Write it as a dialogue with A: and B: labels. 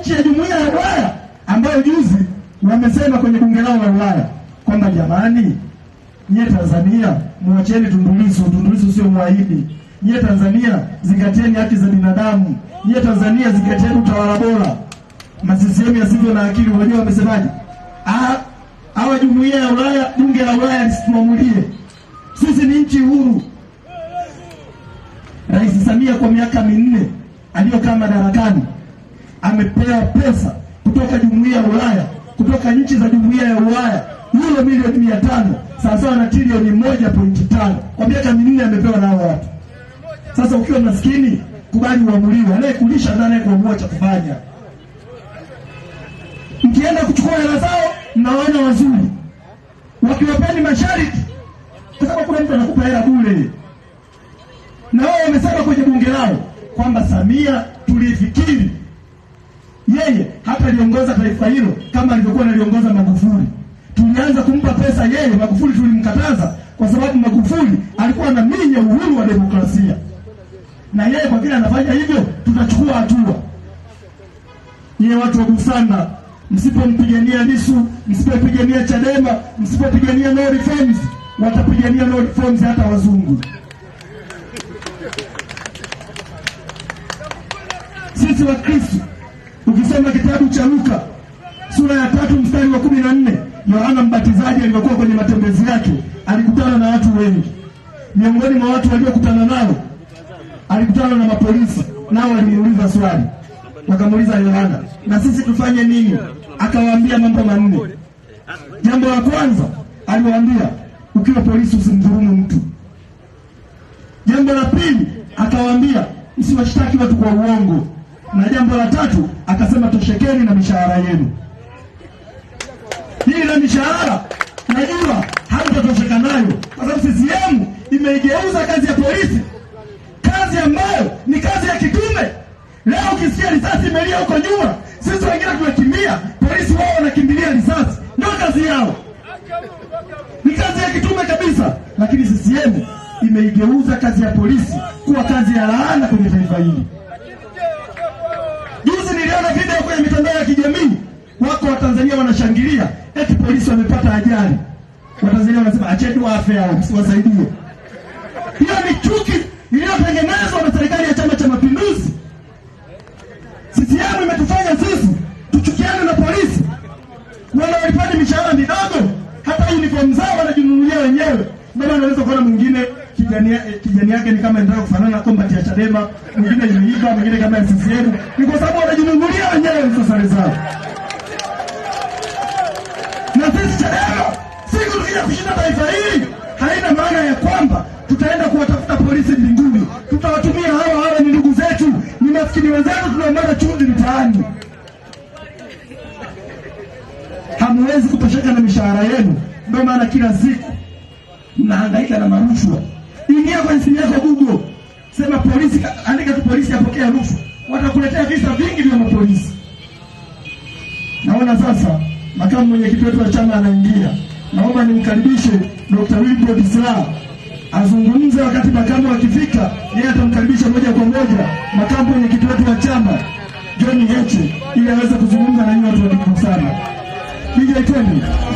A: nchi ya jumuiya ya Ulaya ambayo juzi wamesema kwenye bunge lao la Ulaya kwamba jamani, nyie Tanzania muacheni tumbulizo Tundulisu sio mwahidi. Nyie Tanzania zingatieni haki za binadamu. Nyie Tanzania zingatieni utawala bora. Masisiemu yasivyo na akili, wenyewe wamesemaje? Ah, hawa jumuiya ya Ulaya, bunge la Ulaya lisituamulie sisi ni nchi huru. Rais Samia kwa miaka minne aliyokaa madarakani amepewa pesa kutoka jumuiya ya Ulaya, kutoka nchi za jumuiya ya Ulaya yule milioni mia tano sawasawa na trilioni moja pointi tano kwa miaka minne amepewa hao watu. Sasa ukiwa maskini, kubali uamuliwe, anayekulisha ndiye anayekuamua cha kufanya. Mkienda kuchukua hela zao, mnaona wazuri, wakiwapeni mashariki, kwa sababu kuna mtu anakupa hela bure. Na wao wamesema kwenye bunge lao kwamba Samia tulifikiri aliongoza taifa hilo kama alivyokuwa analiongoza Magufuli. Tulianza kumpa pesa yeye, Magufuli tulimkataza kwa sababu Magufuli alikuwa anaminya uhuru wa demokrasia, na yeye kwa vile anafanya hivyo, tutachukua hatua. Nyie watu wa Busanda, msipompigania Lissu, msipopigania Chadema, msipopigania no reforms, watapigania no reforms hata wazungu. Sisi Kristo Ukisoma kitabu cha Luka sura ya tatu mstari wa kumi na nne Yohana Mbatizaji alivyokuwa kwenye matembezi yake alikutana na watu wengi. Miongoni mwa watu waliokutana nao alikutana na mapolisi, nao walimuuliza swali, wakamuuliza Yohana, na sisi tufanye nini? Akawaambia mambo manne. Jambo la kwanza aliwaambia, ukiwa polisi usimdhulumu mtu. Jambo la pili akawaambia, msiwashtaki watu kwa uongo. Na jambo la tatu akasema, toshekeni na mishahara yenu. Hii na mishahara najua hamtatosheka nayo, kwa sababu CCM imeigeuza kazi ya polisi, kazi ambayo ni kazi ya kitume. Leo ukisikia risasi imelia huko nyuma, sisi wengine tunakimbia, polisi wao wanakimbilia risasi, ndio kazi yao, ni kazi ya kitume kabisa. Lakini CCM imeigeuza kazi ya polisi kuwa kazi ya laana kwenye taifa hili video kwenye mitandao ya kijamii, wako Watanzania wanashangilia eti polisi wamepata ajali. Watanzania wanasema acheni wafe hao, msiwasaidie. Hiyo ni chuki iliyotengenezwa na serikali ya Chama cha Mapinduzi. CCM imetufanya sisi tuchukiane na polisi, wanaolipani mishahara midogo, hata uniform zao wanajinunulia wenyewe. Ndio maana unaweza kuona mwingine kijani eh, kijani yake ni kama endayo kufanana na kombati ya Chadema, mwingine imeiva, mwingine kama ya CCM. Ni kwa sababu wanajinungulia wenyewe hizo sare zao. Na sisi Chadema siku tukija kushinda taifa hili, haina maana ya kwamba tutaenda kuwatafuta polisi mbinguni. Tutawatumia hawa hawa, ni ndugu zetu, ni maskini wenzetu, tunaomba chundi mtaani. Hamwezi kutosheka na mishahara yenu, ndio maana kila siku mnahangaika na marushwa. Ingia kwenye simu yako Google, sema polisi, andika tu polisi apokea rufu watakuletea visa vingi vya mapolisi. Naona sasa makamu mwenyekiti wetu wa chama anaingia, naomba nimkaribishe Dr. Wilbrod Slaa azungumze, wakati makamu akifika, yeye atamkaribisha moja kwa moja makamu mwenyekiti wetu wa chama John Heche ili aweze kuzungumza na nyinyi watu wa sana. DJ